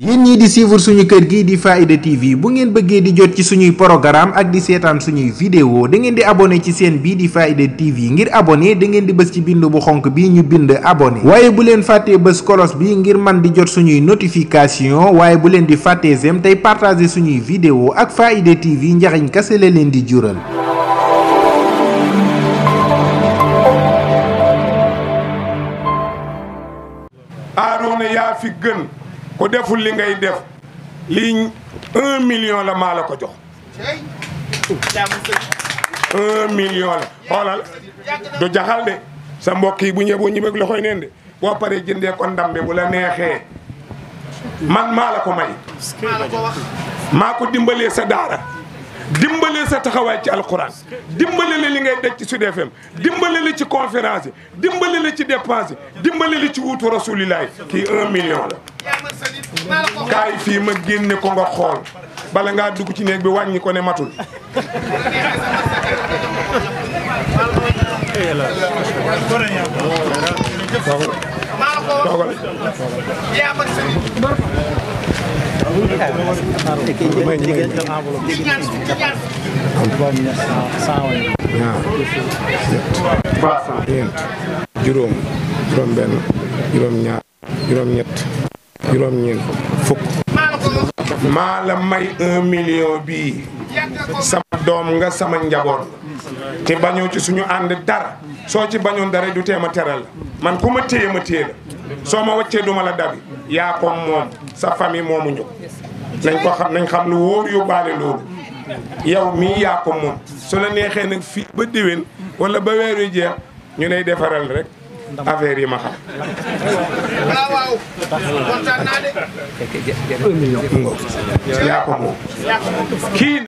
yéen ñii di suivre suñu kër gi di Faaida TV bu ngeen bëggee di jot ci suñuy programme ak di seetaan suñuy vidéo da ngeen di abonné ci seen bii di Faaida TV ngir abonné da ngeen di bës ci bind bu xonk bi ñu bind abonné waaye bu leen fàttee bës kolos bi ngir man di jot suñuy notification waaye bu leen di fàttee sem tey partagé suñuy vidéo ak Faaida TV njariñ kase la leen di jural ku deful li ngay def lii un million la maa la ko jox un million la xoolal du jaxal de sa mbokk yi bu ñëw boo ñibeeg loxoy neen de boo paree jëndee ko ndam bu la neexee man maa la ko may maa ko dimbalee sa daara dimbale sa taxawaay ci alxuraan dimbale la li ngay daj ci Sud FM dimbale ci conférence yi ci dépense yi dimbale ci wuutu rasulilaay kii un million la kaay fii ma génne ko nga xool bala ngaa dugg ci néeg bi wàññi ko ne matul ñaar juróom juróom benn juróom ñett fukk maa la may un million bii sama doom nga sama njaboot te bañoo ci suñu ànd dara soo ci bañoon dara du teema teral man ku ma téye ma téye la soo ma wàccee duma la dabi yaa ko moom sa famille moomuñu ko nañ ko xam nañ xam lu wóor yóbbaale loolu yow mii yaa moom su la neexee nag fi ba déwén wala ba weer wi ñu lay defaral rek affaire yi ma xam. waaw moom